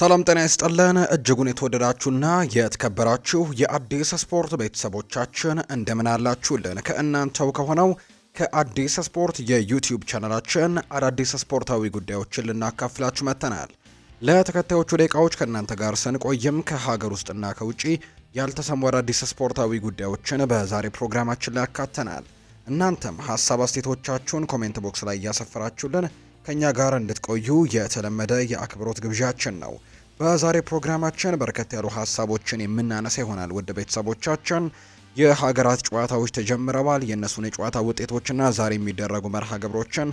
ሰላም ጤና ይስጥልን እጅጉን የተወደዳችሁና የተከበራችሁ የአዲስ ስፖርት ቤተሰቦቻችን እንደምን አላችሁልን? ከእናንተው ከሆነው ከአዲስ ስፖርት የዩቲዩብ ቻናላችን አዳዲስ ስፖርታዊ ጉዳዮችን ልናካፍላችሁ መጥተናል። ለተከታዮቹ ደቂቃዎች ከእናንተ ጋር ስንቆይም ከሀገር ውስጥና ከውጪ ያልተሰሙ አዳዲስ ስፖርታዊ ጉዳዮችን በዛሬ ፕሮግራማችን ላይ ያካተናል። እናንተም ሀሳብ አስቴቶቻችሁን ኮሜንት ቦክስ ላይ እያሰፈራችሁልን ከእኛ ጋር እንድትቆዩ የተለመደ የአክብሮት ግብዣችን ነው። በዛሬ ፕሮግራማችን በርከት ያሉ ሀሳቦችን የምናነሳ ይሆናል። ውድ ቤተሰቦቻችን የሀገራት ጨዋታዎች ተጀምረዋል። የእነሱን የጨዋታ ውጤቶችና ዛሬ የሚደረጉ መርሃ ግብሮችን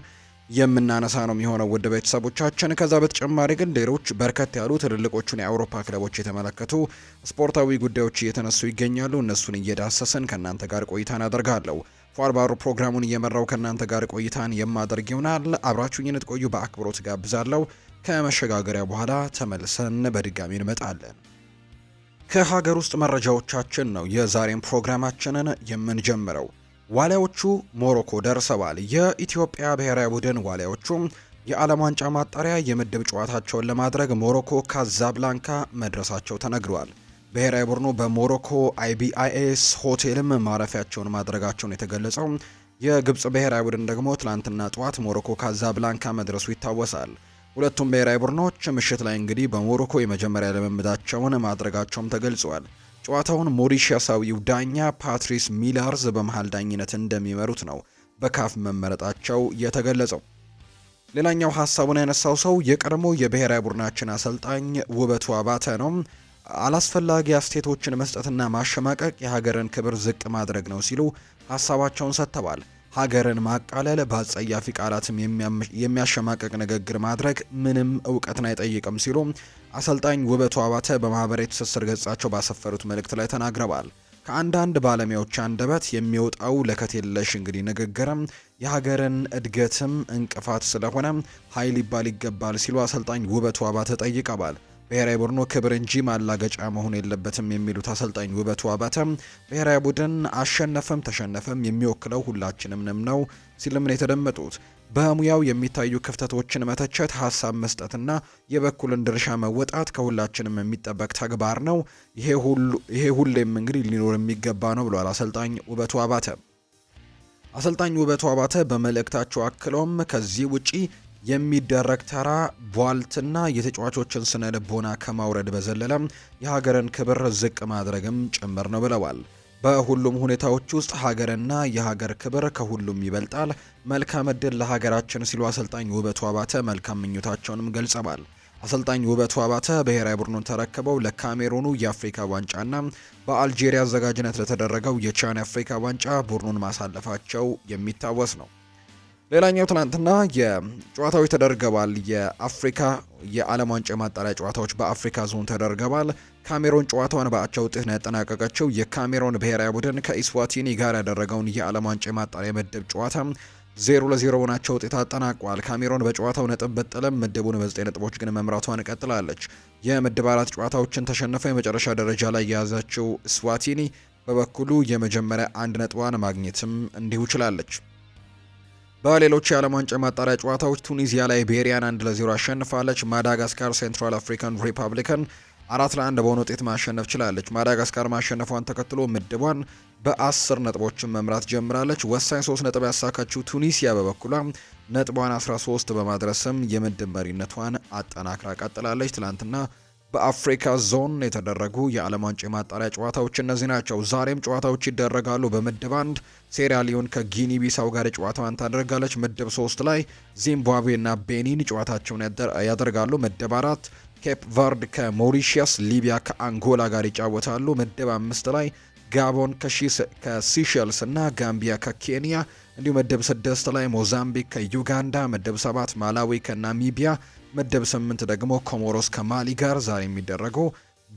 የምናነሳ ነው የሚሆነው ውድ ቤተሰቦቻችን። ከዛ በተጨማሪ ግን ሌሎች በርከት ያሉ ትልልቆቹን የአውሮፓ ክለቦች የተመለከቱ ስፖርታዊ ጉዳዮች እየተነሱ ይገኛሉ። እነሱን እየዳሰስን ከእናንተ ጋር ቆይታ አደርጋለሁ። ፏርባሩ ፕሮግራሙን እየመራው ከእናንተ ጋር ቆይታን የማደርግ ይሆናል። አብራችሁኝ ትቆዩ በአክብሮት ጋብዛለሁ። ከመሸጋገሪያ በኋላ ተመልሰን በድጋሚ እንመጣለን። ከሀገር ውስጥ መረጃዎቻችን ነው የዛሬን ፕሮግራማችንን የምንጀምረው። ዋሊያዎቹ ሞሮኮ ደርሰዋል። የኢትዮጵያ ብሔራዊ ቡድን ዋሊያዎቹ የዓለም ዋንጫ ማጣሪያ የምድብ ጨዋታቸውን ለማድረግ ሞሮኮ ካዛብላንካ መድረሳቸው ተነግሯል። ብሔራዊ ቡድኑ በሞሮኮ አይቢአይኤስ ሆቴልም ማረፊያቸውን ማድረጋቸውን የተገለጸው የግብፅ ብሔራዊ ቡድን ደግሞ ትላንትና ጠዋት ሞሮኮ ካዛብላንካ መድረሱ ይታወሳል። ሁለቱም ብሔራዊ ቡድኖች ምሽት ላይ እንግዲህ በሞሮኮ የመጀመሪያ ልምምዳቸውን ማድረጋቸውም ተገልጿል። ጨዋታውን ሞሪሺያሳዊው ዳኛ ፓትሪስ ሚላርዝ በመሃል ዳኝነት እንደሚመሩት ነው በካፍ መመረጣቸው የተገለጸው። ሌላኛው ሀሳቡን ያነሳው ሰው የቀድሞ የብሔራዊ ቡድናችን አሰልጣኝ ውበቱ አባተ ነው። አላስፈላጊ አስተያየቶችን መስጠትና ማሸማቀቅ የሀገርን ክብር ዝቅ ማድረግ ነው ሲሉ ሀሳባቸውን ሰጥተዋል። ሀገርን ማቃለል በአጸያፊ ቃላትም የሚያሸማቀቅ ንግግር ማድረግ ምንም እውቀትን አይጠይቅም ሲሉ አሰልጣኝ ውበቱ አባተ በማህበራዊ ትስስር ገጻቸው ባሰፈሩት መልእክት ላይ ተናግረዋል። ከአንዳንድ ባለሙያዎች አንደበት የሚወጣው ለከት የለሽ እንግዲህ ንግግርም የሀገርን እድገትም እንቅፋት ስለሆነ ኃይል ይባል ይገባል ሲሉ አሰልጣኝ ውበቱ አባተ ጠይቀዋል። ብሔራዊ ቡድኑ ክብር እንጂ ማላገጫ መሆን የለበትም የሚሉት አሰልጣኝ ውበቱ አባተ ብሔራዊ ቡድን አሸነፈም ተሸነፈም የሚወክለው ሁላችንምንም ነው ሲልም ነው የተደመጡት። በሙያው የሚታዩ ክፍተቶችን መተቸት፣ ሀሳብ መስጠትና የበኩልን ድርሻ መወጣት ከሁላችንም የሚጠበቅ ተግባር ነው። ይሄ ሁሌም እንግዲህ ሊኖር የሚገባ ነው ብሏል አሰልጣኝ ውበቱ አባተ። አሰልጣኝ ውበቱ አባተ በመልእክታቸው አክለውም ከዚህ ውጪ የሚደረግ ተራ ቧልትና የተጫዋቾችን ስነ ልቦና ከማውረድ በዘለለ የሀገርን ክብር ዝቅ ማድረግም ጭምር ነው ብለዋል። በሁሉም ሁኔታዎች ውስጥ ሀገርና የሀገር ክብር ከሁሉም ይበልጣል። መልካም እድል ለሀገራችን ሲሉ አሰልጣኝ ውበቱ አባተ መልካም ምኞታቸውንም ገልጸዋል። አሰልጣኝ ውበቱ አባተ ብሔራዊ ቡድኑን ተረክበው ለካሜሩኑ የአፍሪካ ዋንጫና በአልጄሪያ አዘጋጅነት ለተደረገው የቻን አፍሪካ ዋንጫ ቡድኑን ማሳለፋቸው የሚታወስ ነው። ሌላኛው ትናንትና የጨዋታዎች ተደርገዋል። የአፍሪካ የዓለም ዋንጫ የማጣሪያ ጨዋታዎች በአፍሪካ ዞን ተደርገዋል። ካሜሮን ጨዋታዋን በአቻ ውጤት ነው ያጠናቀቀችው። የካሜሮን ብሔራዊ ቡድን ከኢስዋቲኒ ጋር ያደረገውን የዓለም ዋንጫ የማጣሪያ ምድብ ጨዋታ ዜሮ ለዜሮ በሆናቸ ውጤት አጠናቋል። ካሜሮን በጨዋታው ነጥብ ብጥልም ምድቡን በዘጠኝ ነጥቦች ግን መምራቷን ቀጥላለች። የምድብ አራት ጨዋታዎችን ተሸንፈው የመጨረሻ ደረጃ ላይ የያዘችው ስዋቲኒ በበኩሉ የመጀመሪያ አንድ ነጥቧን ማግኘትም እንዲሁ ችላለች። በሌሎች የዓለም ዋንጫ ማጣሪያ ጨዋታዎች ቱኒዚያ ቤሪያን አንድ ለዜሮ አሸንፋለች። ማዳጋስካር ሴንትራል አፍሪካን ሪፐብሊክን አራት ለአንድ በሆነ ውጤት ማሸነፍ ችላለች። ማዳጋስካር ማሸነፏን ተከትሎ ምድቧን በአስር ነጥቦችን መምራት ጀምራለች። ወሳኝ ሶስት ነጥብ ያሳካችው ቱኒሲያ በበኩሏ ነጥቧን 13 በማድረስም የምድብ መሪነቷን አጠናክራ ቀጥላለች። ትላንትና በአፍሪካ ዞን የተደረጉ የዓለም ዋንጫ የማጣሪያ ጨዋታዎች እነዚህ ናቸው። ዛሬም ጨዋታዎች ይደረጋሉ። በምድብ አንድ ሴራሊዮን ከጊኒ ቢሳው ጋር ጨዋታዋን ታደርጋለች። ምድብ ሶስት ላይ ዚምባብዌና ቤኒን ጨዋታቸውን ያደርጋሉ። ምድብ አራት ኬፕ ቨርድ ከሞሪሽያስ፣ ሊቢያ ከአንጎላ ጋር ይጫወታሉ። ምድብ አምስት ላይ ጋቦን ከሲሸልስ እና ጋምቢያ ከኬንያ እንዲሁም መደብ ስድስት ላይ ሞዛምቢክ ከዩጋንዳ፣ መደብ ሰባት ማላዊ ከናሚቢያ፣ መደብ ስምንት ደግሞ ኮሞሮስ ከማሊ ጋር ዛሬ የሚደረጉ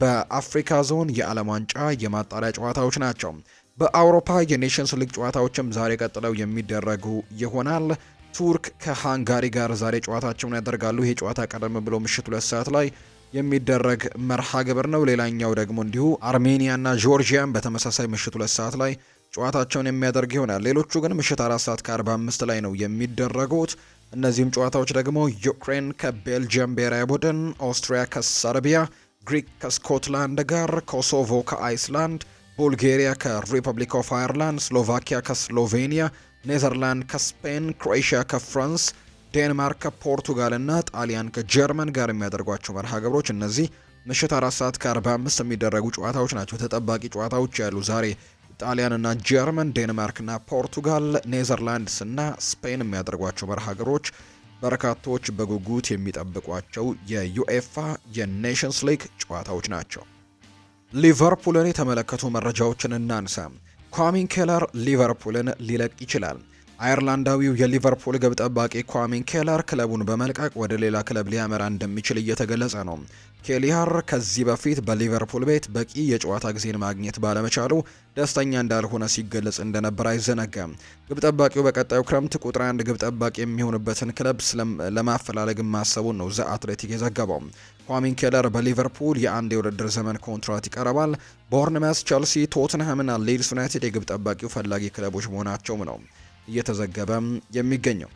በአፍሪካ ዞን የዓለም ዋንጫ የማጣሪያ ጨዋታዎች ናቸው። በአውሮፓ የኔሽንስ ሊግ ጨዋታዎችም ዛሬ ቀጥለው የሚደረጉ ይሆናል። ቱርክ ከሃንጋሪ ጋር ዛሬ ጨዋታቸውን ያደርጋሉ። ይሄ ጨዋታ ቀደም ብሎ ምሽት ሁለት ሰዓት ላይ የሚደረግ መርሃ ግብር ነው። ሌላኛው ደግሞ እንዲሁ አርሜኒያና ጆርጂያን በተመሳሳይ ምሽት ሁለት ሰዓት ላይ ጨዋታቸውን የሚያደርግ ይሆናል። ሌሎቹ ግን ምሽት አራት ሰዓት ከ45 ላይ ነው የሚደረጉት። እነዚህም ጨዋታዎች ደግሞ ዩክሬን ከቤልጅየም ብሔራዊ ቡድን፣ ኦስትሪያ ከሰርቢያ፣ ግሪክ ከስኮትላንድ ጋር፣ ኮሶቮ ከአይስላንድ፣ ቡልጌሪያ ከሪፐብሊክ ኦፍ አይርላንድ ስሎቫኪያ ከስሎቬኒያ፣ ኔዘርላንድ ከስፔን፣ ክሮኤሽያ ከፍራንስ ዴንማርክ ከፖርቱጋልና ጣሊያን ከጀርመን ጋር የሚያደርጓቸው መርሃ ግብሮች እነዚህ ምሽት አራት ሰዓት ከ45 የሚደረጉ ጨዋታዎች ናቸው። ተጠባቂ ጨዋታዎች ያሉ ዛሬ ጣሊያንና ጀርመን፣ ዴንማርክና ፖርቱጋል፣ ኔዘርላንድስ እና ስፔን የሚያደርጓቸው መርሃ ግብሮች በርካቶች በጉጉት የሚጠብቋቸው የዩኤፋ የኔሽንስ ሊግ ጨዋታዎች ናቸው። ሊቨርፑልን የተመለከቱ መረጃዎችን እናንሳ። ኳሚን ኬለር ሊቨርፑልን ሊለቅ ይችላል። አየርላንዳዊው የሊቨርፑል ግብ ጠባቂ ኳሚን ኬለር ክለቡን በመልቀቅ ወደ ሌላ ክለብ ሊያመራ እንደሚችል እየተገለጸ ነው። ኬሊሃር ከዚህ በፊት በሊቨርፑል ቤት በቂ የጨዋታ ጊዜን ማግኘት ባለመቻሉ ደስተኛ እንዳልሆነ ሲገለጽ እንደነበር አይዘነጋም። ግብ ጠባቂው በቀጣዩ ክረምት ቁጥር አንድ ግብ ጠባቂ የሚሆንበትን ክለብ ለማፈላለግ ማሰቡን ነው ዘ አትሌቲክ የዘገበው። ኳሚን ኬለር በሊቨርፑል የአንድ የውድድር ዘመን ኮንትራት ይቀርባል። ቦርንመስ፣ ቸልሲ፣ ቶትንሃምና ሊድስ ዩናይትድ የግብ ጠባቂው ፈላጊ ክለቦች መሆናቸውም ነው። እየተዘገበ የሚገኘው።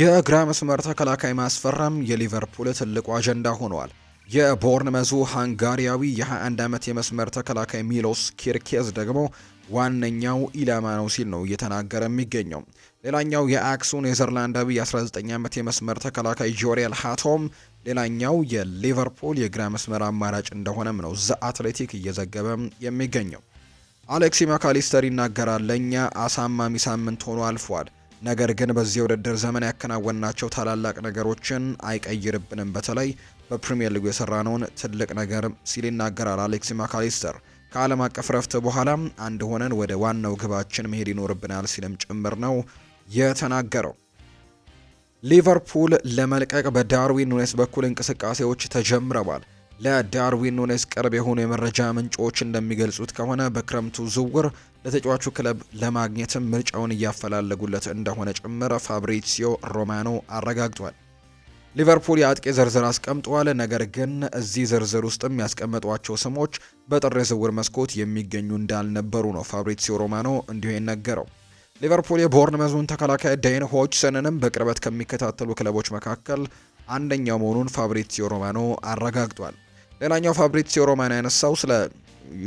የግራ መስመር ተከላካይ ማስፈረም የሊቨርፑል ትልቁ አጀንዳ ሆኗል። የቦርንመዙ ሃንጋሪያዊ የ21 ዓመት የመስመር ተከላካይ ሚሎስ ኪርኬዝ ደግሞ ዋነኛው ኢላማ ነው ሲል ነው እየተናገረ የሚገኘው። ሌላኛው የአክሱ ኔዘርላንዳዊ የ19 ዓመት የመስመር ተከላካይ ጆሪያል ሃቶም ሌላኛው የሊቨርፑል የግራ መስመር አማራጭ እንደሆነም ነው ዘ አትሌቲክ እየዘገበ የሚገኘው። አሌክሲ ማካሊስተር ይናገራል። ለእኛ አሳማሚ ሳምንት ሆኖ አልፏል፣ ነገር ግን በዚህ የውድድር ዘመን ያከናወንናቸው ታላላቅ ነገሮችን አይቀይርብንም፣ በተለይ በፕሪምየር ሊጉ የሰራነውን ትልቅ ነገር ሲል ይናገራል አሌክሲ ማካሊስተር። ከዓለም አቀፍ ረፍት በኋላ አንድ ሆነን ወደ ዋናው ግባችን መሄድ ይኖርብናል ሲልም ጭምር ነው የተናገረው። ሊቨርፑል ለመልቀቅ በዳርዊን ኑኔስ በኩል እንቅስቃሴዎች ተጀምረዋል። ለዳርዊን ኑኔስ ቅርብ የሆኑ የመረጃ ምንጮች እንደሚገልጹት ከሆነ በክረምቱ ዝውውር ለተጫዋቹ ክለብ ለማግኘትም ምርጫውን እያፈላለጉለት እንደሆነ ጭምር ፋብሪሲዮ ሮማኖ አረጋግጧል። ሊቨርፑል የአጥቂ ዝርዝር አስቀምጧል። ነገር ግን እዚህ ዝርዝር ውስጥም ያስቀመጧቸው ስሞች በጥር የዝውውር መስኮት የሚገኙ እንዳልነበሩ ነው ፋብሪሲዮ ሮማኖ እንዲሁ የነገረው። ሊቨርፑል የቦርን የቦርንመዙን ተከላካይ ዴይን ሆችሰንንም በቅርበት ከሚከታተሉ ክለቦች መካከል አንደኛው መሆኑን ፋብሪዚዮ ሮማኖ አረጋግጧል። ሌላኛው ፋብሪዚዮ ሮማኖ ያነሳው ስለ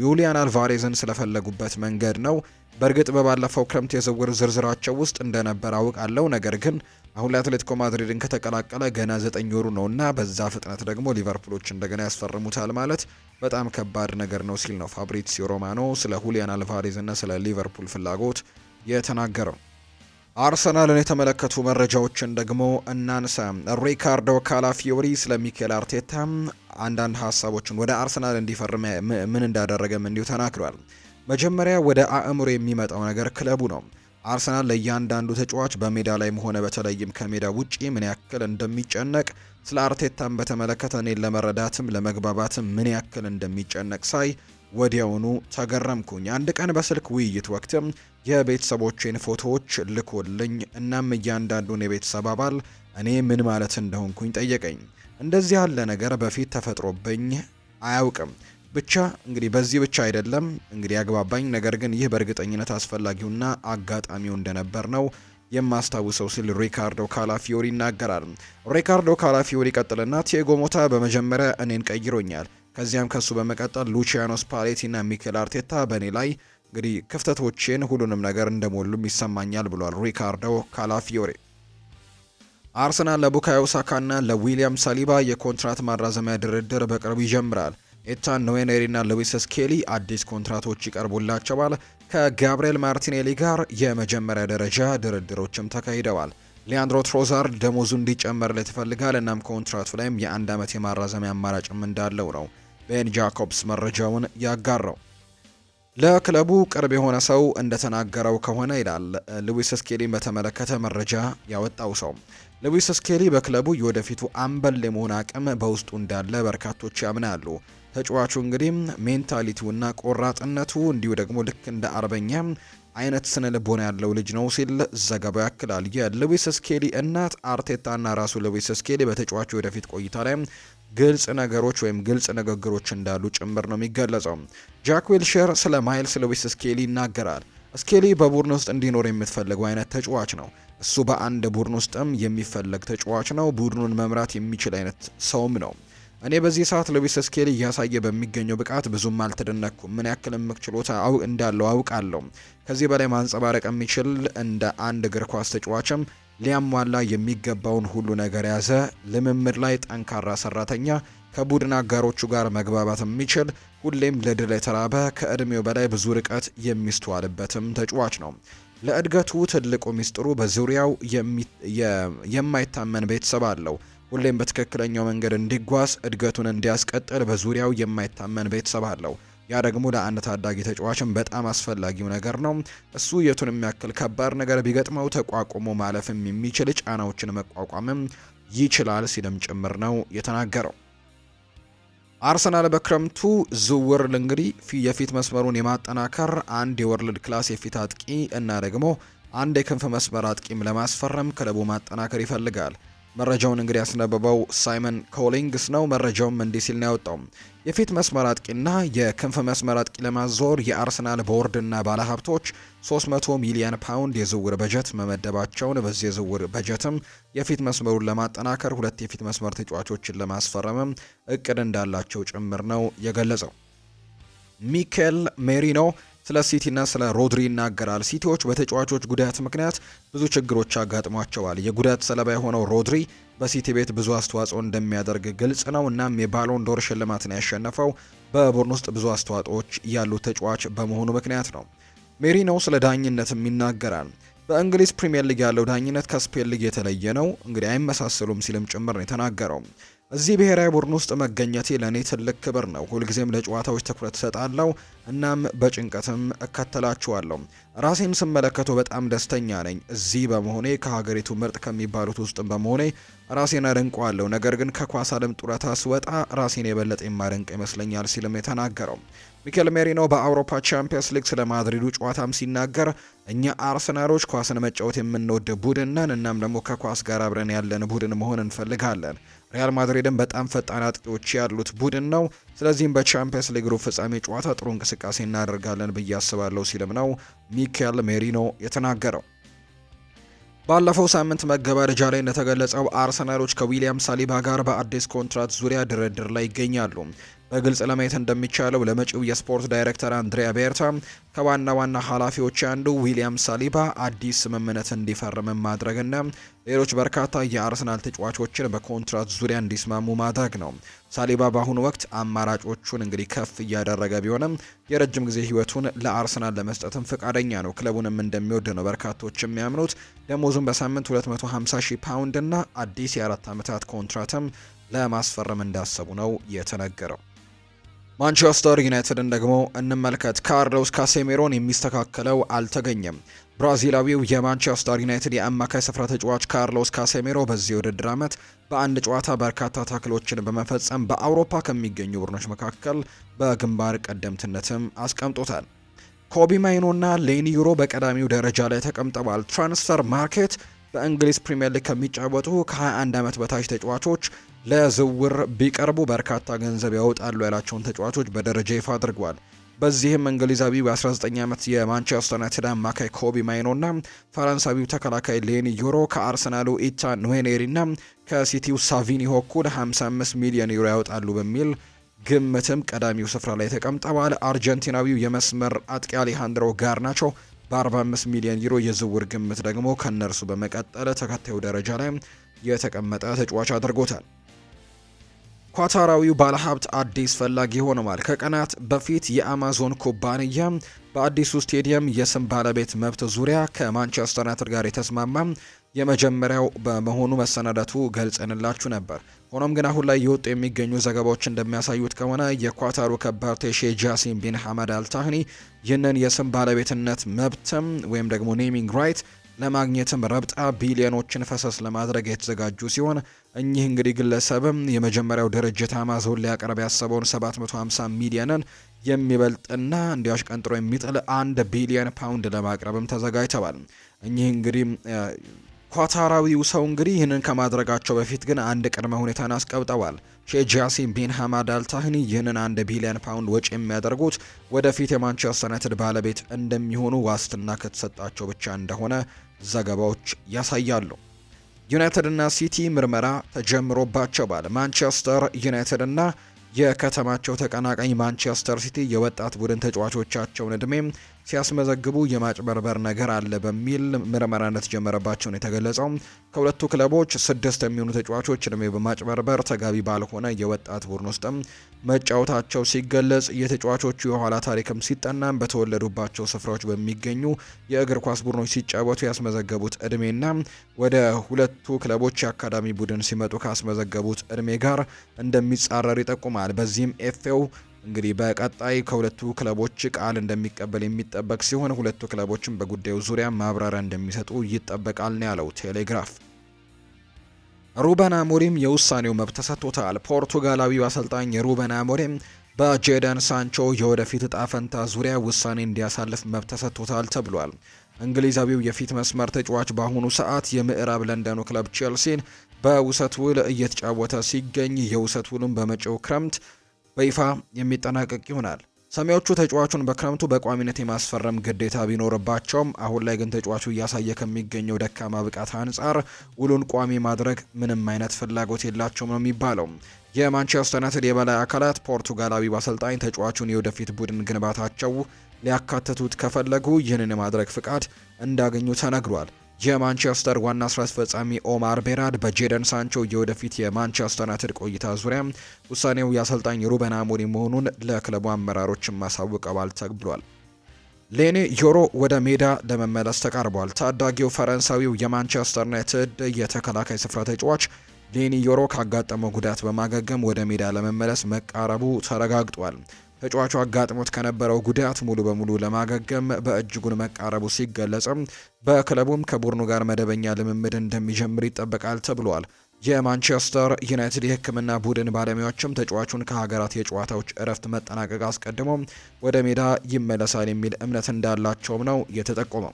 ዩሊያን አልቫሬዝን ስለፈለጉበት መንገድ ነው። በእርግጥ በባለፈው ክረምት የዝውውር ዝርዝራቸው ውስጥ እንደነበር አውቃለሁ። ነገር ግን አሁን ላይ አትሌቲኮ ማድሪድን ከተቀላቀለ ገና ዘጠኝ ወሩ ነው እና በዛ ፍጥነት ደግሞ ሊቨርፑሎች እንደገና ያስፈርሙታል ማለት በጣም ከባድ ነገር ነው ሲል ነው ፋብሪዚዮ ሮማኖ ስለ ሁሊያን አልቫሬዝ እና ስለ ሊቨርፑል ፍላጎት የተናገረው። አርሰናልን የተመለከቱ መረጃዎችን ደግሞ እናንሳ። ሪካርዶ ካላፊዮሪ ስለ ሚኬል አርቴታ አንዳንድ ሀሳቦችን ወደ አርሰናል እንዲፈርም ምን እንዳደረገም እንዲሁ ተናግሯል። መጀመሪያ ወደ አእምሮ የሚመጣው ነገር ክለቡ ነው። አርሰናል ለእያንዳንዱ ተጫዋች በሜዳ ላይም ሆነ በተለይም ከሜዳ ውጪ ምን ያክል እንደሚጨነቅ ስለ አርቴታን በተመለከተ እኔን ለመረዳትም ለመግባባትም ምን ያክል እንደሚጨነቅ ሳይ ወዲያውኑ ተገረምኩኝ። አንድ ቀን በስልክ ውይይት ወቅትም የቤተሰቦቼን ፎቶዎች ልኮልኝ፣ እናም እያንዳንዱን የቤተሰብ አባል እኔ ምን ማለት እንደሆንኩኝ ጠየቀኝ። እንደዚህ ያለ ነገር በፊት ተፈጥሮብኝ አያውቅም። ብቻ እንግዲህ በዚህ ብቻ አይደለም እንግዲህ ያግባባኝ፣ ነገር ግን ይህ በእርግጠኝነት አስፈላጊውና አጋጣሚው እንደነበር ነው የማስታውሰው ሲል ሪካርዶ ካላፊዮሪ ይናገራል። ሪካርዶ ካላፊዮሪ ቀጥልና ቲያጎ ሞታ በመጀመሪያ እኔን ቀይሮኛል። ከዚያም ከሱ በመቀጠል ሉቺያኖ ስፓሌቲና ሚኬል አርቴታ በእኔ ላይ እንግዲህ ክፍተቶችን ሁሉንም ነገር እንደሞሉም ይሰማኛል ብሏል ሪካርዶ ካላፊዮሪ። አርሰናል ለቡካዮ ሳካና ለዊሊያም ሳሊባ የኮንትራት ማራዘሚያ ድርድር በቅርቡ ይጀምራል። ኤታን እና ሉዊስ ስኬሊ አዲስ ኮንትራቶች ይቀርቡላቸዋል። ከጋብርኤል ማርቲኔሊ ጋር የመጀመሪያ ደረጃ ድርድሮችም ተካሂደዋል። ሊያንድሮ ትሮዛርድ ደሞዙ እንዲጨመርለት ይፈልጋል። እናም ኮንትራቱ ላይም የአንድ ዓመት የማራዘሚያ አማራጭም እንዳለው ነው ቤን ጃኮብስ መረጃውን ያጋራው። ለክለቡ ቅርብ የሆነ ሰው እንደተናገረው ከሆነ ይላል ሉዊስ ስኬሊን በተመለከተ መረጃ ያወጣው ሰው ሉዊስ ስኬሊ በክለቡ የወደፊቱ አምበል የመሆን አቅም በውስጡ እንዳለ በርካቶች ያምናሉ። ተጫዋቹ እንግዲህ ሜንታሊቲውና ቆራጥነቱ እንዲሁ ደግሞ ልክ እንደ አርበኛ አይነት ስነ ልቦና ያለው ልጅ ነው ሲል ዘገባው ያክላል። የሉዊስ ስኬሊ እናት አርቴታና ራሱ ሉዊስ ስኬሊ በተጫዋቹ ወደፊት ቆይታ ላይ ግልጽ ነገሮች ወይም ግልጽ ንግግሮች እንዳሉ ጭምር ነው የሚገለጸው። ጃክ ዊልሸር ስለ ማይልስ ሉዊስ ስኬሊ ይናገራል። ስኬሊ በቡድን ውስጥ እንዲኖር የምትፈልገው አይነት ተጫዋች ነው። እሱ በአንድ ቡድን ውስጥም የሚፈለግ ተጫዋች ነው። ቡድኑን መምራት የሚችል አይነት ሰውም ነው። እኔ በዚህ ሰዓት ሉዊስ ስኬሊ እያሳየ በሚገኘው ብቃት ብዙም አልተደነቅኩም። ምን ያክል እምቅ ችሎታ እንዳለው አውቃለሁ። ከዚህ በላይ ማንጸባረቅ የሚችል እንደ አንድ እግር ኳስ ተጫዋችም ሊያሟላ የሚገባውን ሁሉ ነገር ያዘ። ልምምድ ላይ ጠንካራ ሰራተኛ፣ ከቡድን አጋሮቹ ጋር መግባባት የሚችል ሁሌም ለድል የተራበ ከእድሜው በላይ ብዙ ርቀት የሚስተዋልበትም ተጫዋች ነው። ለእድገቱ ትልቁ ሚስጥሩ በዙሪያው የማይታመን ቤተሰብ አለው። ሁሌም በትክክለኛው መንገድ እንዲጓዝ እድገቱን እንዲያስቀጥል በዙሪያው የማይታመን ቤተሰብ አለው። ያ ደግሞ ለአንድ ታዳጊ ተጫዋችን በጣም አስፈላጊው ነገር ነው። እሱ የቱን የሚያክል ከባድ ነገር ቢገጥመው ተቋቁሞ ማለፍም የሚችል ጫናዎችን መቋቋምም ይችላል ሲልም ጭምር ነው የተናገረው። አርሰናል በክረምቱ ዝውውር እንግዲህ የፊት መስመሩን የማጠናከር አንድ የወርልድ ክላስ የፊት አጥቂ እና ደግሞ አንድ የክንፍ መስመር አጥቂም ለማስፈረም ክለቡ ማጠናከር ይፈልጋል። መረጃውን እንግዲህ ያስነበበው ሳይመን ኮሊንግስ ነው። መረጃውም እንዲህ ሲል ነው ያወጣው። የፊት መስመር አጥቂና የክንፍ መስመር አጥቂ ለማዞር የአርሰናል ቦርድና ባለሀብቶች 300 ሚሊዮን ፓውንድ የዝውውር በጀት መመደባቸውን፣ በዚህ የዝውውር በጀትም የፊት መስመሩን ለማጠናከር ሁለት የፊት መስመር ተጫዋቾችን ለማስፈረምም እቅድ እንዳላቸው ጭምር ነው የገለጸው። ሚኬል ሜሪኖ ስለ ሲቲና ስለ ሮድሪ ይናገራል። ሲቲዎች በተጫዋቾች ጉዳት ምክንያት ብዙ ችግሮች አጋጥሟቸዋል። የጉዳት ሰለባ የሆነው ሮድሪ በሲቲ ቤት ብዙ አስተዋጽኦ እንደሚያደርግ ግልጽ ነው። እናም የባሎን ዶር ሽልማትን ያሸነፈው በቡድን ውስጥ ብዙ አስተዋጽኦዎች ያሉት ተጫዋች በመሆኑ ምክንያት ነው። ነው ስለ ዳኝነትም ይናገራል። በእንግሊዝ ፕሪምየር ሊግ ያለው ዳኝነት ከስፔን ሊግ የተለየ ነው፣ እንግዲህ አይመሳሰሉም ሲልም ጭምር ነው የተናገረው። እዚህ ብሔራዊ ቡድን ውስጥ መገኘቴ ለእኔ ትልቅ ክብር ነው። ሁልጊዜም ለጨዋታዎች ትኩረት እሰጣለሁ፣ እናም በጭንቀትም እከተላችኋለሁ። ራሴም ስመለከተው በጣም ደስተኛ ነኝ። እዚህ በመሆኔ ከሀገሪቱ ምርጥ ከሚባሉት ውስጥ በመሆኔ ራሴን አደንቀዋለሁ። ነገር ግን ከኳስ ዓለም ጡረታ ስወጣ ራሴን የበለጠ የማደንቅ ይመስለኛል ሲልም የተናገረው ሚኬል ሜሪኖ በአውሮፓ ቻምፒየንስ ሊግ ስለ ማድሪዱ ጨዋታም ሲናገር እኛ አርሰናሎች ኳስን መጫወት የምንወድ ቡድን ነን፣ እናም ደግሞ ከኳስ ጋር አብረን ያለን ቡድን መሆን እንፈልጋለን ሪያል ማድሪድን በጣም ፈጣን አጥቂዎች ያሉት ቡድን ነው። ስለዚህም በቻምፒየንስ ሊግ ሩብ ፍጻሜ ጨዋታ ጥሩ እንቅስቃሴ እናደርጋለን ብዬ አስባለሁ ሲልም ነው ሚካኤል ሜሪኖ የተናገረው። ባለፈው ሳምንት መገባደጃ ላይ እንደተገለጸው አርሰናሎች ከዊሊያም ሳሊባ ጋር በአዲስ ኮንትራት ዙሪያ ድርድር ላይ ይገኛሉ። በግልጽ ለማየት እንደሚቻለው ለመጪው የስፖርት ዳይሬክተር አንድሪያ ቤርታ ከዋና ዋና ኃላፊዎች አንዱ ዊሊያም ሳሊባ አዲስ ስምምነት እንዲፈርም ማድረግና ሌሎች በርካታ የአርሰናል ተጫዋቾችን በኮንትራት ዙሪያ እንዲስማሙ ማድረግ ነው። ሳሊባ በአሁኑ ወቅት አማራጮቹን እንግዲህ ከፍ እያደረገ ቢሆንም የረጅም ጊዜ ሕይወቱን ለአርሰናል ለመስጠትም ፈቃደኛ ነው። ክለቡንም እንደሚወድ ነው በርካቶች የሚያምኑት። ደሞዙም በሳምንት 250 ሺህ ፓውንድ እና አዲስ የአራት ዓመታት ኮንትራትም ለማስፈረም እንዳሰቡ ነው የተነገረው። ማንቸስተር ዩናይትድን ደግሞ እንመልከት። ካርሎስ ካሴሜሮን የሚስተካከለው አልተገኘም። ብራዚላዊው የማንቸስተር ዩናይትድ የአማካይ ስፍራ ተጫዋች ካርሎስ ካሴሜሮ በዚህ ውድድር ዓመት በአንድ ጨዋታ በርካታ ታክሎችን በመፈጸም በአውሮፓ ከሚገኙ ቡድኖች መካከል በግንባር ቀደምትነትም አስቀምጦታል። ኮቢ ማይኖና ሌኒ ዩሮ በቀዳሚው ደረጃ ላይ ተቀምጠዋል። ትራንስፈር ማርኬት በእንግሊዝ ፕሪምየር ሊግ ከሚጫወቱ ከ21 ዓመት በታች ተጫዋቾች ለዝውውር ቢቀርቡ በርካታ ገንዘብ ያወጣሉ ያላቸውን ተጫዋቾች በደረጃ ይፋ አድርጓል። በዚህም እንግሊዛዊው በ 19 ዓመት የማንቸስተር ዩናይትድ አማካይ ኮቢ ማይኖና ፈረንሳዊው ተከላካይ ሌኒ ዩሮ ከአርሰናሉ ኢታ ኑዌኔሪና ከሲቲው ሳቪኒ ሆኩል 55 ሚሊዮን ዩሮ ያወጣሉ በሚል ግምትም ቀዳሚው ስፍራ ላይ ተቀምጠዋል። አርጀንቲናዊው የመስመር አጥቂ አሌሃንድሮ ጋርናቾ በ45 ሚሊዮን ዩሮ የዝውውር ግምት ደግሞ ከነርሱ በመቀጠል ተከታዩ ደረጃ ላይ የተቀመጠ ተጫዋች አድርጎታል። ኳታራዊው ባለሀብት አዲስ ፈላጊ ሆነዋል። ከቀናት በፊት የአማዞን ኩባንያ በአዲሱ ስቴዲየም የስም ባለቤት መብት ዙሪያ ከማንቸስተር ዩናይትድ ጋር የተስማማ የመጀመሪያው በመሆኑ መሰናደቱ ገልጸንላችሁ ነበር። ሆኖም ግን አሁን ላይ የወጡ የሚገኙ ዘገባዎች እንደሚያሳዩት ከሆነ የኳታሩ ከባድ ሼህ ጃሲም ቢን ሐመድ አልታህኒ ይህንን የስም ባለቤትነት መብትም ወይም ደግሞ ኔሚንግ ራይት ለማግኘትም ረብጣ ቢሊዮኖችን ፈሰስ ለማድረግ የተዘጋጁ ሲሆን እኚህ እንግዲህ ግለሰብም የመጀመሪያው ድርጅት አማዞን ሊያቀርብ ያሰበውን 750 ሚሊዮንን የሚበልጥና እንዲያሽ ቀንጥሮ የሚጥል አንድ ቢሊዮን ፓውንድ ለማቅረብም ተዘጋጅተዋል። እኚህ እንግዲህ ኳታራዊው ሰው እንግዲህ ይህንን ከማድረጋቸው በፊት ግን አንድ ቅድመ ሁኔታን አስቀብጠዋል። ሼህ ጃሲም ቢን ሐማድ አልታህኒ ይህንን አንድ ቢሊዮን ፓውንድ ወጪ የሚያደርጉት ወደፊት የማንቸስተር ዩናይትድ ባለቤት እንደሚሆኑ ዋስትና ከተሰጣቸው ብቻ እንደሆነ ዘገባዎች ያሳያሉ። ዩናይትድ እና ሲቲ ምርመራ ተጀምሮባቸዋል። ማንቸስተር ዩናይትድ እና የከተማቸው ተቀናቃኝ ማንቸስተር ሲቲ የወጣት ቡድን ተጫዋቾቻቸውን እድሜ ሲያስመዘግቡ የማጭበርበር ነገር አለ በሚል ምርመራ እንደተጀመረባቸው ነው የተገለጸው። ከሁለቱ ክለቦች ስድስት የሚሆኑ ተጫዋቾች እድሜ በማጭበርበር ተጋቢ ባልሆነ የወጣት ቡድን ውስጥም መጫወታቸው ሲገለጽ፣ የተጫዋቾቹ የኋላ ታሪክም ሲጠናም በተወለዱባቸው ስፍራዎች በሚገኙ የእግር ኳስ ቡድኖች ሲጫወቱ ያስመዘገቡት እድሜና ወደ ሁለቱ ክለቦች የአካዳሚ ቡድን ሲመጡ ካስመዘገቡት እድሜ ጋር እንደሚጻረር ይጠቁማል። በዚህም ኤፍኤው እንግዲህ በቀጣይ ከሁለቱ ክለቦች ቃል እንደሚቀበል የሚጠበቅ ሲሆን ሁለቱ ክለቦችም በጉዳዩ ዙሪያ ማብራሪያ እንደሚሰጡ ይጠበቃል ነው ያለው ቴሌግራፍ። ሩበን አሞሪም የውሳኔው መብት ተሰጥቶታል። ፖርቱጋላዊው አሰልጣኝ ሩበን አሞሪም በጄደን ሳንቾ የወደፊት እጣ ፈንታ ዙሪያ ውሳኔ እንዲያሳልፍ መብት ተሰጥቶታል ተብሏል። እንግሊዛዊው የፊት መስመር ተጫዋች በአሁኑ ሰዓት የምዕራብ ለንደኑ ክለብ ቼልሲን በውሰት ውል እየተጫወተ ሲገኝ የውሰት ውሉም በመጪው ክረምት በይፋ የሚጠናቀቅ ይሆናል። ሰሜዎቹ ተጫዋቹን በክረምቱ በቋሚነት የማስፈረም ግዴታ ቢኖርባቸውም አሁን ላይ ግን ተጫዋቹ እያሳየ ከሚገኘው ደካማ ብቃት አንጻር ውሉን ቋሚ ማድረግ ምንም አይነት ፍላጎት የላቸውም ነው የሚባለው። የማንቸስተር ዩናይትድ የበላይ አካላት ፖርቱጋላዊ አሰልጣኝ ተጫዋቹን የወደፊት ቡድን ግንባታቸው ሊያካትቱት ከፈለጉ ይህንን የማድረግ ፍቃድ እንዳገኙ ተነግሯል። የማንቸስተር ዋና ስራ አስፈጻሚ ኦማር ቤራድ በጄደን ሳንቾ የወደፊት የማንቸስተር ዩናይትድ ቆይታ ዙሪያ ውሳኔው የአሰልጣኝ ሩበን አሞሪ መሆኑን ለክለቡ አመራሮች ማሳውቀዋል ተብሏል። ሌኒ ዮሮ ወደ ሜዳ ለመመለስ ተቃርቧል። ታዳጊው ፈረንሳዊው የማንቸስተር ዩናይትድ የተከላካይ ስፍራ ተጫዋች ሌኒ ዮሮ ካጋጠመው ጉዳት በማገገም ወደ ሜዳ ለመመለስ መቃረቡ ተረጋግጧል። ተጫዋቹ አጋጥሞት ከነበረው ጉዳት ሙሉ በሙሉ ለማገገም በእጅጉን መቃረቡ ሲገለጽም በክለቡም ከቡድኑ ጋር መደበኛ ልምምድ እንደሚጀምር ይጠበቃል ተብሏል። የማንቸስተር ዩናይትድ የሕክምና ቡድን ባለሙያዎችም ተጫዋቹን ከሀገራት የጨዋታዎች እረፍት መጠናቀቅ አስቀድሞ ወደ ሜዳ ይመለሳል የሚል እምነት እንዳላቸውም ነው የተጠቆመው።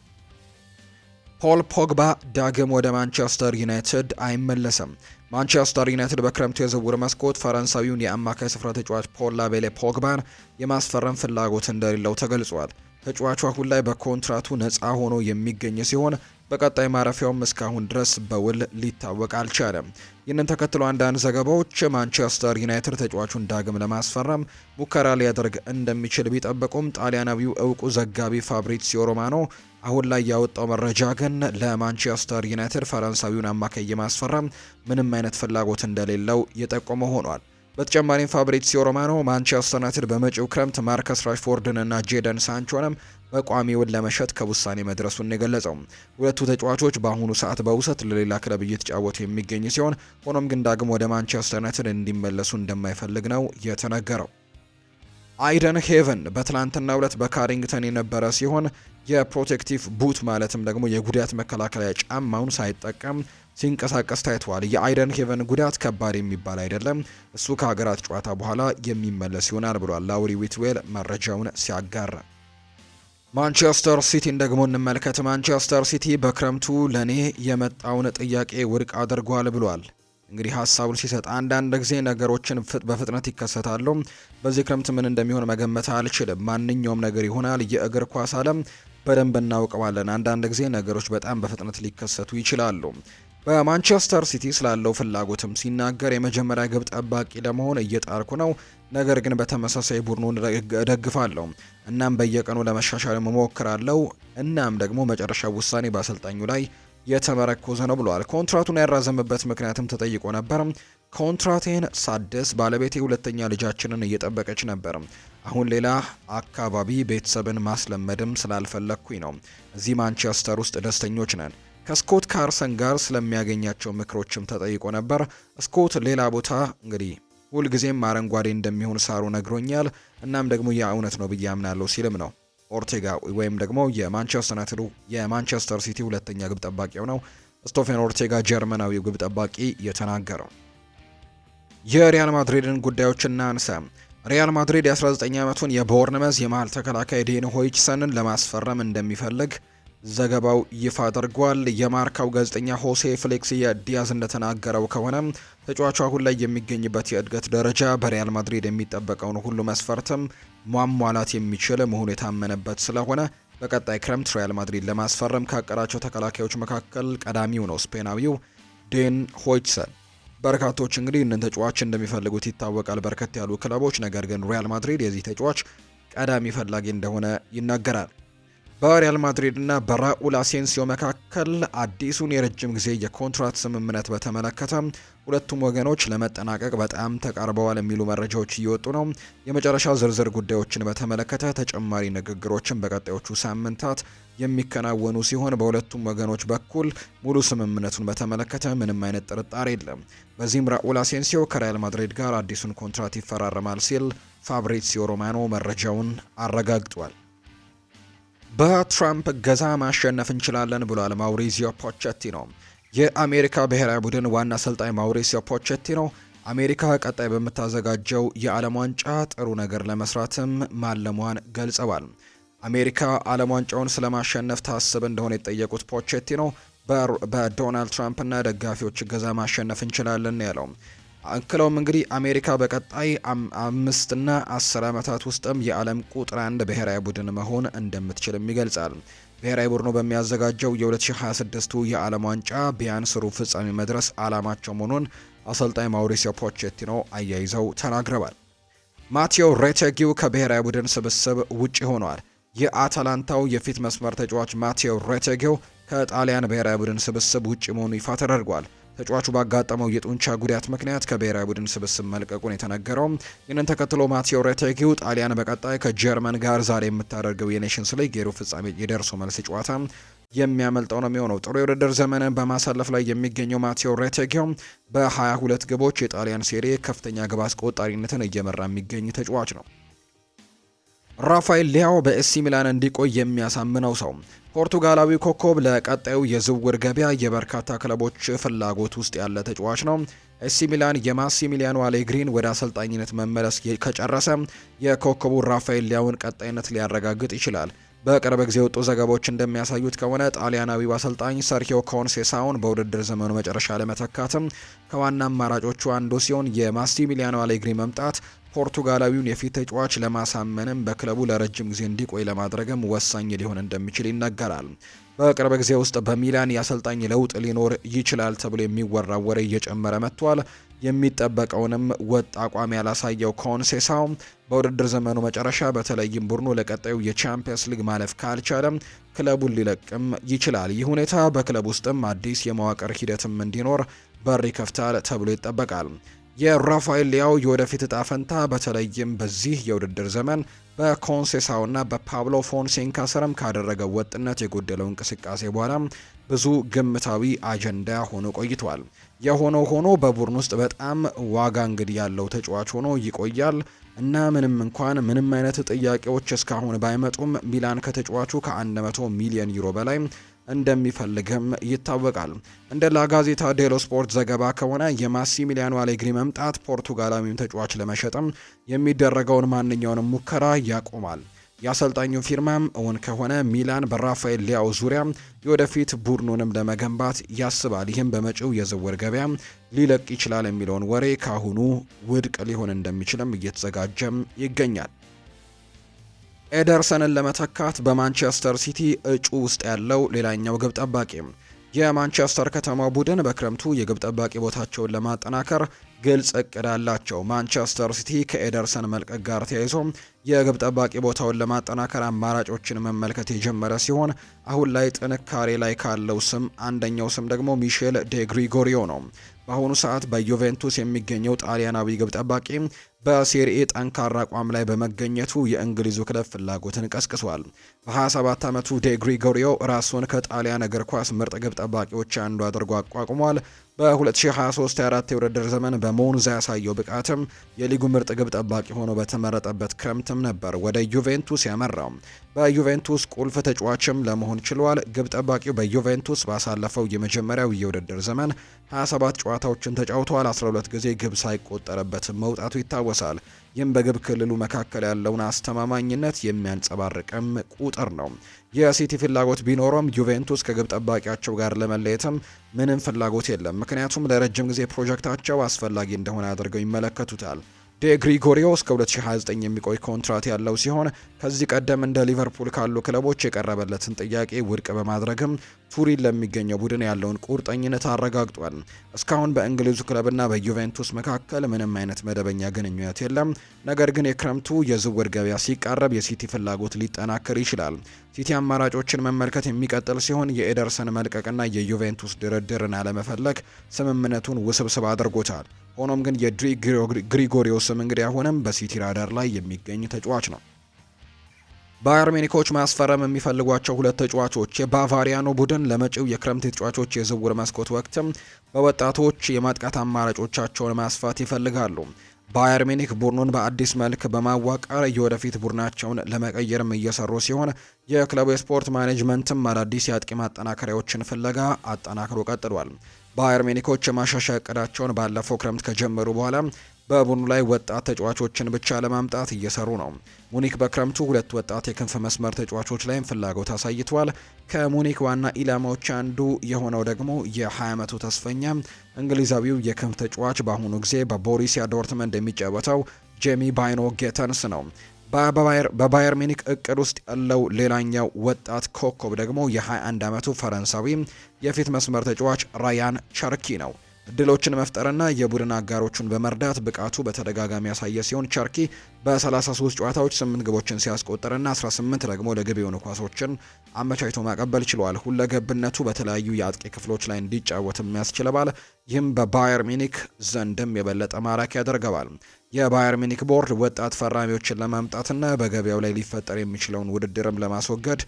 ፖል ፖግባ ዳግም ወደ ማንቸስተር ዩናይትድ አይመለስም። ማንቸስተር ዩናይትድ በክረምቱ የዝውውር መስኮት ፈረንሳዊውን የአማካይ ስፍራ ተጫዋች ፖል ላቤሌ ፖግባን የማስፈረም ፍላጎት እንደሌለው ተገልጿል። ተጫዋቹ አሁን ላይ በኮንትራቱ ነፃ ሆኖ የሚገኝ ሲሆን በቀጣይ ማረፊያውም እስካሁን ድረስ በውል ሊታወቅ አልቻለም። ይህንን ተከትሎ አንዳንድ ዘገባዎች ማንቸስተር ዩናይትድ ተጫዋቹን ዳግም ለማስፈረም ሙከራ ሊያደርግ እንደሚችል ቢጠበቁም ጣሊያናዊው እውቁ ዘጋቢ ፋብሪዚዮ ሮማኖ አሁን ላይ ያወጣው መረጃ ግን ለማንቸስተር ዩናይትድ ፈረንሳዊውን አማካይ የማስፈረም ምንም አይነት ፍላጎት እንደሌለው የጠቆመ ሆኗል። በተጨማሪም ፋብሪሲዮ ሮማኖ ማንቸስተር ዩናይትድ በመጪው ክረምት ማርከስ ራሽፎርድን እና ጄደን ሳንቾንም በቋሚውን ለመሸጥ ከውሳኔ መድረሱን የገለጸው ሁለቱ ተጫዋቾች በአሁኑ ሰዓት በውሰት ለሌላ ክለብ እየተጫወቱ የሚገኝ ሲሆን ሆኖም ግን ዳግም ወደ ማንቸስተር ዩናይትድ እንዲመለሱ እንደማይፈልግ ነው የተነገረው። አይደን ሄቨን በትላንትና ሁለት በካሪንግተን የነበረ ሲሆን የፕሮቴክቲቭ ቡት ማለትም ደግሞ የጉዳት መከላከያ ጫማውን ሳይጠቀም ሲንቀሳቀስ ታይተዋል። የአይደን ሄቨን ጉዳት ከባድ የሚባል አይደለም፣ እሱ ከሀገራት ጨዋታ በኋላ የሚመለስ ይሆናል ብሏል ላውሪ ዊትዌል መረጃውን ሲያጋራ። ማንቸስተር ሲቲን ደግሞ እንመልከት። ማንቸስተር ሲቲ በክረምቱ ለእኔ የመጣውን ጥያቄ ውድቅ አድርጓል ብሏል። እንግዲህ ሀሳቡን ሲሰጥ አንዳንድ ጊዜ ነገሮችን በፍጥነት ይከሰታሉ። በዚህ ክረምት ምን እንደሚሆን መገመት አልችልም። ማንኛውም ነገር ይሆናል። የእግር ኳስ ዓለም በደንብ እናውቀዋለን። አንዳንድ ጊዜ ነገሮች በጣም በፍጥነት ሊከሰቱ ይችላሉ። በማንቸስተር ሲቲ ስላለው ፍላጎትም ሲናገር የመጀመሪያ ግብ ጠባቂ ለመሆን እየጣርኩ ነው፣ ነገር ግን በተመሳሳይ ቡድኑን እደግፋለሁ። እናም በየቀኑ ለመሻሻል እሞክራለሁ። እናም ደግሞ መጨረሻ ውሳኔ በአሰልጣኙ ላይ የተመረኮዘ ነው ብሏል። ኮንትራቱን ያራዘምበት ምክንያትም ተጠይቆ ነበር። ኮንትራቴን ሳደስ ባለቤቴ ሁለተኛ ልጃችንን እየጠበቀች ነበር። አሁን ሌላ አካባቢ ቤተሰብን ማስለመድም ስላልፈለግኩኝ ነው። እዚህ ማንቸስተር ውስጥ ደስተኞች ነን። ከስኮት ካርሰን ጋር ስለሚያገኛቸው ምክሮችም ተጠይቆ ነበር። ስኮት ሌላ ቦታ እንግዲህ ሁልጊዜም አረንጓዴ እንደሚሆን ሳሩ ነግሮኛል። እናም ደግሞ የእውነት ነው ብዬ አምናለሁ ሲልም ነው ኦርቴጋ ወይም ደግሞ የማንቸስተር ዩናይትዱ የማንቸስተር ሲቲ ሁለተኛ ግብ ጠባቂው ነው ስቶፌን ኦርቴጋ ጀርመናዊው ግብ ጠባቂ የተናገረው። የሪያል ማድሪድን ጉዳዮች እናንሳ። ሪያል ማድሪድ የ19 ዓመቱን የቦርንመዝ የመሀል ተከላካይ ዴን ሆይችሰንን ለማስፈረም እንደሚፈልግ ዘገባው ይፋ አድርጓል። የማርካው ጋዜጠኛ ሆሴ ፍሌክስ ዲያዝ እንደተናገረው ከሆነ ተጫዋቹ አሁን ላይ የሚገኝበት የእድገት ደረጃ በሪያል ማድሪድ የሚጠበቀውን ሁሉ መስፈርትም ማሟላት የሚችል መሆኑ የታመነበት ስለሆነ በቀጣይ ክረምት ሪያል ማድሪድ ለማስፈረም ካቀራቸው ተከላካዮች መካከል ቀዳሚው ነው ስፔናዊው ዴን ሆይችሰን። በርካቶች እንግዲህ እንን ተጫዋች እንደሚፈልጉት ይታወቃል። በርከት ያሉ ክለቦች ነገር ግን ሪያል ማድሪድ የዚህ ተጫዋች ቀዳሚ ፈላጊ እንደሆነ ይናገራል። በሪያል ማድሪድ እና በራኡል አሴንሲዮ መካከል አዲሱን የረጅም ጊዜ የኮንትራት ስምምነት በተመለከተ ሁለቱም ወገኖች ለመጠናቀቅ በጣም ተቃርበዋል የሚሉ መረጃዎች እየወጡ ነው። የመጨረሻ ዝርዝር ጉዳዮችን በተመለከተ ተጨማሪ ንግግሮችን በቀጣዮቹ ሳምንታት የሚከናወኑ ሲሆን በሁለቱም ወገኖች በኩል ሙሉ ስምምነቱን በተመለከተ ምንም አይነት ጥርጣሬ የለም። በዚህም ራኡል አሴንሲዮ ከሪያል ማድሪድ ጋር አዲሱን ኮንትራት ይፈራረማል ሲል ፋብሪሲዮ ሮማኖ መረጃውን አረጋግጧል። በትራምፕ እገዛ ማሸነፍ እንችላለን ብሏል ማውሪዚዮ ፖቼቲኖ። የአሜሪካ ብሔራዊ ቡድን ዋና አሰልጣኝ ማውሪሲዮ ፖቼቲኖ አሜሪካ ቀጣይ በምታዘጋጀው የዓለም ዋንጫ ጥሩ ነገር ለመስራትም ማለሟን ገልጸዋል። አሜሪካ ዓለም ዋንጫውን ስለማሸነፍ ታስብ እንደሆነ የጠየቁት ፖቼቲኖ በዶናልድ ትራምፕና ደጋፊዎች እገዛ ማሸነፍ እንችላለን ያለው አክለውም እንግዲህ አሜሪካ በቀጣይ አምስትና አስር ዓመታት ውስጥም የዓለም ቁጥር አንድ ብሔራዊ ቡድን መሆን እንደምትችልም ይገልጻል። ብሔራዊ ቡድኑ በሚያዘጋጀው የ2026ቱ የዓለም ዋንጫ ቢያንስ ሩብ ፍጻሜ መድረስ ዓላማቸው መሆኑን አሰልጣኝ ማውሪሲዮ ፖቼቲኖ አያይዘው ተናግረዋል። ማቴዎ ሬቴጊው ከብሔራዊ ቡድን ስብስብ ውጪ ሆኗል። የአታላንታው የፊት መስመር ተጫዋች ማቴዎ ሬቴጌው ከጣሊያን ብሔራዊ ቡድን ስብስብ ውጭ መሆኑ ይፋ ተደርጓል። ተጫዋቹ ባጋጠመው የጡንቻ ጉዳት ምክንያት ከብሔራዊ ቡድን ስብስብ መልቀቁን የተነገረው ይህንን ተከትሎ ማቴዎ ሬቴጌው ጣሊያን በቀጣይ ከጀርመን ጋር ዛሬ የምታደርገው የኔሽንስ ሊግ የሩብ ፍጻሜ የደርሶ መልስ ጨዋታ የሚያመልጠው ነው የሚሆነው። ጥሩ የውድድር ዘመንን በማሳለፍ ላይ የሚገኘው ማቴዎ ሬቴጌው በ22 ግቦች የጣሊያን ሴሪ ከፍተኛ ግብ አስቆጣሪነትን እየመራ የሚገኝ ተጫዋች ነው። ራፋኤል ሊያው በኤሲ ሚላን እንዲቆይ የሚያሳምነው ሰው ፖርቱጋላዊ ኮከብ ለቀጣዩ የዝውውር ገበያ የበርካታ ክለቦች ፍላጎት ውስጥ ያለ ተጫዋች ነው። ኤሲ ሚላን የማሲሚሊያኖ አሌግሪን ወደ አሰልጣኝነት መመለስ ከጨረሰ የኮከቡ ራፋኤል ሊያውን ቀጣይነት ሊያረጋግጥ ይችላል። በቅርብ ጊዜ የወጡ ዘገባዎች እንደሚያሳዩት ከሆነ ጣሊያናዊው አሰልጣኝ ሰርሂዮ ኮንሴሳውን በውድድር ዘመኑ መጨረሻ ለመተካትም ከዋና አማራጮቹ አንዱ ሲሆን የማሲሚሊያኖ አሌግሪ መምጣት ፖርቱጋላዊውን የፊት ተጫዋች ለማሳመንም በክለቡ ለረጅም ጊዜ እንዲቆይ ለማድረግም ወሳኝ ሊሆን እንደሚችል ይነገራል። በቅርብ ጊዜ ውስጥ በሚላን የአሰልጣኝ ለውጥ ሊኖር ይችላል ተብሎ የሚወራ ወሬ እየጨመረ መጥቷል። የሚጠበቀውንም ወጥ አቋም ያላሳየው ኮንሴሳው በውድድር ዘመኑ መጨረሻ በተለይም ቡድኑ ለቀጣዩ የቻምፒየንስ ሊግ ማለፍ ካልቻለም ክለቡን ሊለቅም ይችላል። ይህ ሁኔታ በክለብ ውስጥም አዲስ የመዋቅር ሂደትም እንዲኖር በር ይከፍታል ተብሎ ይጠበቃል። የራፋኤል ሊያው የወደፊት እጣ ፈንታ በተለይም በዚህ የውድድር ዘመን በኮንሴሳውና በፓብሎ ፎንሴንካ ስርም ካደረገው ወጥነት የጎደለው እንቅስቃሴ በኋላ ብዙ ግምታዊ አጀንዳ ሆኖ ቆይቷል። የሆነ ሆኖ በቡድን ውስጥ በጣም ዋጋ እንግዲህ ያለው ተጫዋች ሆኖ ይቆያል እና ምንም እንኳን ምንም አይነት ጥያቄዎች እስካሁን ባይመጡም ሚላን ከተጫዋቹ ከ100 ሚሊዮን ዩሮ በላይ እንደሚፈልግም ይታወቃል። እንደ ላጋዜታ ዴሎ ስፖርት ዘገባ ከሆነ የማሲሚሊያኖ አሌግሪ መምጣት ፖርቱጋላዊም ተጫዋች ለመሸጥም የሚደረገውን ማንኛውንም ሙከራ ያቆማል። የአሰልጣኙ ፊርማም እውን ከሆነ ሚላን በራፋኤል ሊያው ዙሪያ የወደፊት ቡድኑንም ለመገንባት ያስባል። ይህም በመጪው የዝውውር ገበያ ሊለቅ ይችላል የሚለውን ወሬ ከአሁኑ ውድቅ ሊሆን እንደሚችልም እየተዘጋጀም ይገኛል። ኤደርሰንን ለመተካት በማንቸስተር ሲቲ እጩ ውስጥ ያለው ሌላኛው ግብ ጠባቂ የማንቸስተር ከተማ ቡድን በክረምቱ የግብ ጠባቂ ቦታቸውን ለማጠናከር ግልጽ እቅድ አላቸው። ማንቸስተር ሲቲ ከኤደርሰን መልቀቅ ጋር ተያይዞ የግብ ጠባቂ ቦታውን ለማጠናከር አማራጮችን መመልከት የጀመረ ሲሆን አሁን ላይ ጥንካሬ ላይ ካለው ስም አንደኛው ስም ደግሞ ሚሼል ዴግሪጎሪዮ ነው። በአሁኑ ሰዓት በዩቬንቱስ የሚገኘው ጣሊያናዊ ግብ ጠባቂ በሴሪኤ ጠንካራ አቋም ላይ በመገኘቱ የእንግሊዙ ክለብ ፍላጎትን ቀስቅሷል። በ27 ዓመቱ ዴግሪጎሪዮ ራሱን ከጣሊያን እግር ኳስ ምርጥ ግብ ጠባቂዎች አንዱ አድርጎ አቋቁሟል። በ2023/24 የውድድር ዘመን በሞንዛ ያሳየው ብቃትም የሊጉ ምርጥ ግብ ጠባቂ ሆኖ በተመረጠበት ክረምትም ነበር ወደ ዩቬንቱስ ያመራው። በዩቬንቱስ ቁልፍ ተጫዋችም ለመሆን ችሏል። ግብ ጠባቂው በዩቬንቱስ ባሳለፈው የመጀመሪያው የውድድር ዘመን 27 ጨዋታዎችን ተጫውተዋል። 12 ጊዜ ግብ ሳይቆጠርበትም መውጣቱ ይታወሳል። ይህም በግብ ክልሉ መካከል ያለውን አስተማማኝነት የሚያንጸባርቅም ቁጥር ነው። የሲቲ ፍላጎት ቢኖረውም ዩቬንቱስ ከግብ ጠባቂያቸው ጋር ለመለየትም ምንም ፍላጎት የለም። ምክንያቱም ለረጅም ጊዜ ፕሮጀክታቸው አስፈላጊ እንደሆነ አድርገው ይመለከቱታል። ዴግሪጎሪዮስ ከ2029 የሚቆይ ኮንትራት ያለው ሲሆን ከዚህ ቀደም እንደ ሊቨርፑል ካሉ ክለቦች የቀረበለትን ጥያቄ ውድቅ በማድረግም ቱሪን ለሚገኘው ቡድን ያለውን ቁርጠኝነት አረጋግጧል። እስካሁን በእንግሊዙ ክለብና በዩቬንቱስ መካከል ምንም አይነት መደበኛ ግንኙነት የለም። ነገር ግን የክረምቱ የዝውውር ገበያ ሲቃረብ የሲቲ ፍላጎት ሊጠናከር ይችላል። ሲቲ አማራጮችን መመልከት የሚቀጥል ሲሆን የኤደርሰን መልቀቅና የዩቬንቱስ ድርድርን አለመፈለግ ስምምነቱን ውስብስብ አድርጎታል። ሆኖም ግን የድሪ ግሪጎሪዮስም እንግዲህ አሁንም በሲቲ ራዳር ላይ የሚገኝ ተጫዋች ነው። ባየር ሚኒኮች ማስፈረም የሚፈልጓቸው ሁለት ተጫዋቾች የባቫሪያኖ ቡድን ለመጪው የክረምት ተጫዋቾች የዝውውር መስኮት ወቅትም በወጣቶች የማጥቃት አማራጮቻቸውን ማስፋት ይፈልጋሉ። ባየር ሚኒክ ቡድኑን በአዲስ መልክ በማዋቀር የወደፊት ቡድናቸውን ለመቀየርም እየሰሩ ሲሆን የክለቡ የስፖርት ማኔጅመንትም አዳዲስ የአጥቂ ማጠናከሪያዎችን ፍለጋ አጠናክሮ ቀጥሏል። ባየር ሚኒኮች የማሻሻያ እቅዳቸውን ባለፈው ክረምት ከጀመሩ በኋላ በቡድኑ ላይ ወጣት ተጫዋቾችን ብቻ ለማምጣት እየሰሩ ነው። ሙኒክ በክረምቱ ሁለት ወጣት የክንፍ መስመር ተጫዋቾች ላይም ፍላጎት አሳይቷል። ከሙኒክ ዋና ኢላማዎች አንዱ የሆነው ደግሞ የ20 ዓመቱ ተስፈኛ እንግሊዛዊው የክንፍ ተጫዋች በአሁኑ ጊዜ በቦሪሲያ ዶርትመንድ የሚጫወተው ጄሚ ባይኖ ጌተንስ ነው። በባየር ሚኒክ እቅድ ውስጥ ያለው ሌላኛው ወጣት ኮከብ ደግሞ የ21 ዓመቱ ፈረንሳዊ የፊት መስመር ተጫዋች ራያን ቸርኪ ነው። እድሎችን መፍጠርና የቡድን አጋሮቹን በመርዳት ብቃቱ በተደጋጋሚ ያሳየ ሲሆን ቸርኪ በ33 ጨዋታዎች 8 ግቦችን ሲያስቆጥርና 18 ደግሞ ለግብ የሆኑ ኳሶችን አመቻችቶ ማቀበል ችሏል። ሁለገብነቱ በተለያዩ የአጥቂ ክፍሎች ላይ እንዲጫወትም ያስችለዋል። ይህም በባየር ሚኒክ ዘንድም የበለጠ ማራኪ ያደርገዋል። የባየር ሚኒክ ቦርድ ወጣት ፈራሚዎችን ለማምጣትና በገበያው ላይ ሊፈጠር የሚችለውን ውድድርም ለማስወገድ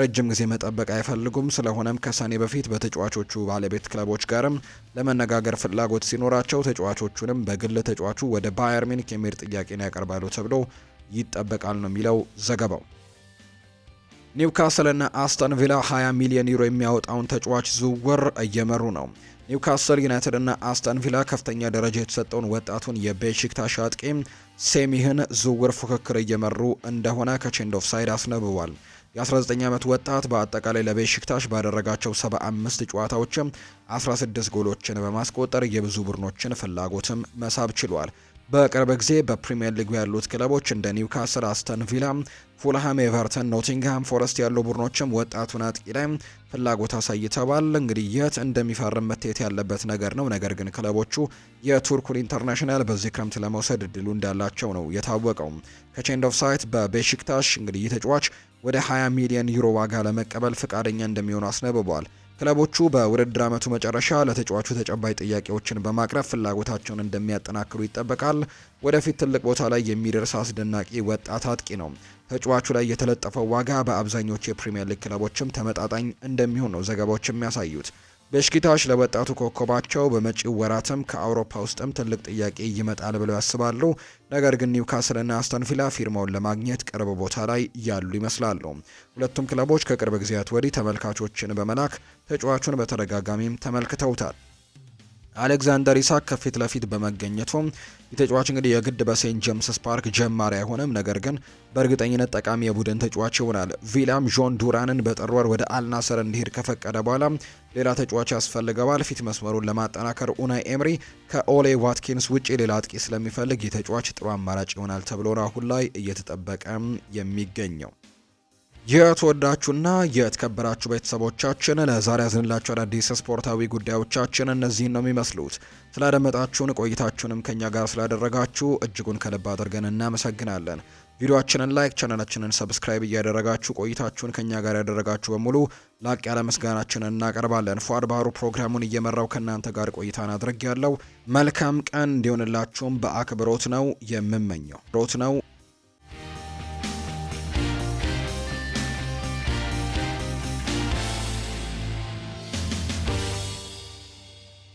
ረጅም ጊዜ መጠበቅ አይፈልጉም። ስለሆነም ከሰኔ በፊት በተጫዋቾቹ ባለቤት ክለቦች ጋርም ለመነጋገር ፍላጎት ሲኖራቸው ተጫዋቾቹንም በግል ተጫዋቹ ወደ ባየር ሚኒክ የሚሄድ ጥያቄን ያቀርባሉ ተብሎ ይጠበቃል ነው የሚለው ዘገባው። ኒውካስልና አስተን ቪላ 20 ሚሊዮን ዩሮ የሚያወጣውን ተጫዋች ዝውውር እየመሩ ነው። ኒውካስል ዩናይትድና አስተን ቪላ ከፍተኛ ደረጃ የተሰጠውን ወጣቱን የቤሺክታሽ አጥቂ ሴሚህን ዝውውር ፉክክር እየመሩ እንደሆነ ከቼንድ ኦፍ ሳይድ አስነብቧል። የ19 ዓመት ወጣት በአጠቃላይ ለቤሽክታሽ ባደረጋቸው 75 ጨዋታዎችም 16 ጎሎችን በማስቆጠር የብዙ ቡድኖችን ፍላጎትም መሳብ ችሏል። በቅርብ ጊዜ በፕሪምየር ሊግ ያሉት ክለቦች እንደ ኒውካስል፣ አስተን ቪላ፣ ፉልሃም፣ ኤቨርተን፣ ኖቲንግሃም ፎረስት ያሉ ቡድኖችም ወጣቱን አጥቂ ላይ ፍላጎት አሳይተዋል። እንግዲህ የት እንደሚፈርም መታየት ያለበት ነገር ነው። ነገር ግን ክለቦቹ የቱርኩን ኢንተርናሽናል በዚህ ክረምት ለመውሰድ እድሉ እንዳላቸው ነው የታወቀው። ከቼንድ ኦፍ ሳይት በቤሽክታሽ እንግዲህ ተጫዋች ወደ 20 ሚሊዮን ዩሮ ዋጋ ለመቀበል ፈቃደኛ እንደሚሆኑ አስነብበዋል። ክለቦቹ በውድድር ዓመቱ መጨረሻ ለተጫዋቹ ተጨባጭ ጥያቄዎችን በማቅረብ ፍላጎታቸውን እንደሚያጠናክሩ ይጠበቃል። ወደፊት ትልቅ ቦታ ላይ የሚደርስ አስደናቂ ወጣት አጥቂ ነው። ተጫዋቹ ላይ የተለጠፈው ዋጋ በአብዛኞቹ የፕሪምየር ሊግ ክለቦችም ተመጣጣኝ እንደሚሆን ነው ዘገባዎች የሚያሳዩት። በሽኪታዎች ለወጣቱ ኮከባቸው በመጪው ወራትም ከአውሮፓ ውስጥም ትልቅ ጥያቄ ይመጣል ብለው ያስባሉ። ነገር ግን ኒውካስልና አስተንፊላ ፊርማውን ለማግኘት ቅርብ ቦታ ላይ ያሉ ይመስላሉ። ሁለቱም ክለቦች ከቅርብ ጊዜያት ወዲህ ተመልካቾችን በመላክ ተጫዋቹን በተደጋጋሚም ተመልክተውታል። አሌክዛንደር ኢሳክ ከፊት ለፊት በመገኘቱም የተጫዋች እንግዲህ የግድ በሴንት ጄምስስ ፓርክ ጀማሪ አይሆንም፣ ነገር ግን በእርግጠኝነት ጠቃሚ የቡድን ተጫዋች ይሆናል። ቪላም ዦን ዱራንን በጥር ወር ወደ አልናሰር እንዲሄድ ከፈቀደ በኋላ ሌላ ተጫዋች ያስፈልገዋል። ፊት መስመሩን ለማጠናከር ኡናይ ኤምሪ ከኦሌ ዋትኪንስ ውጪ ሌላ አጥቂ ስለሚፈልግ የተጫዋች ጥሩ አማራጭ ይሆናል ተብሎ አሁን ላይ እየተጠበቀ የሚገኘው። የተወዳችሁና የተከበራችሁ ቤተሰቦቻችን ለዛሬ ያዝንላችሁ አዳዲስ ስፖርታዊ ጉዳዮቻችን እነዚህን ነው የሚመስሉት። ስላደመጣችሁን ቆይታችሁንም ከኛ ጋር ስላደረጋችሁ እጅጉን ከልብ አድርገን እናመሰግናለን። ቪዲዮአችንን ላይክ፣ ቻናላችንን ሰብስክራይብ እያደረጋችሁ ቆይታችሁን ከኛ ጋር ያደረጋችሁ በሙሉ ላቅ ያለ ምስጋናችንን እናቀርባለን። ፏድ ባህሩ ፕሮግራሙን እየመራው ከእናንተ ጋር ቆይታን አድርግ ያለው መልካም ቀን እንዲሆንላችሁም በአክብሮት ነው የምመኘው ሮት ነው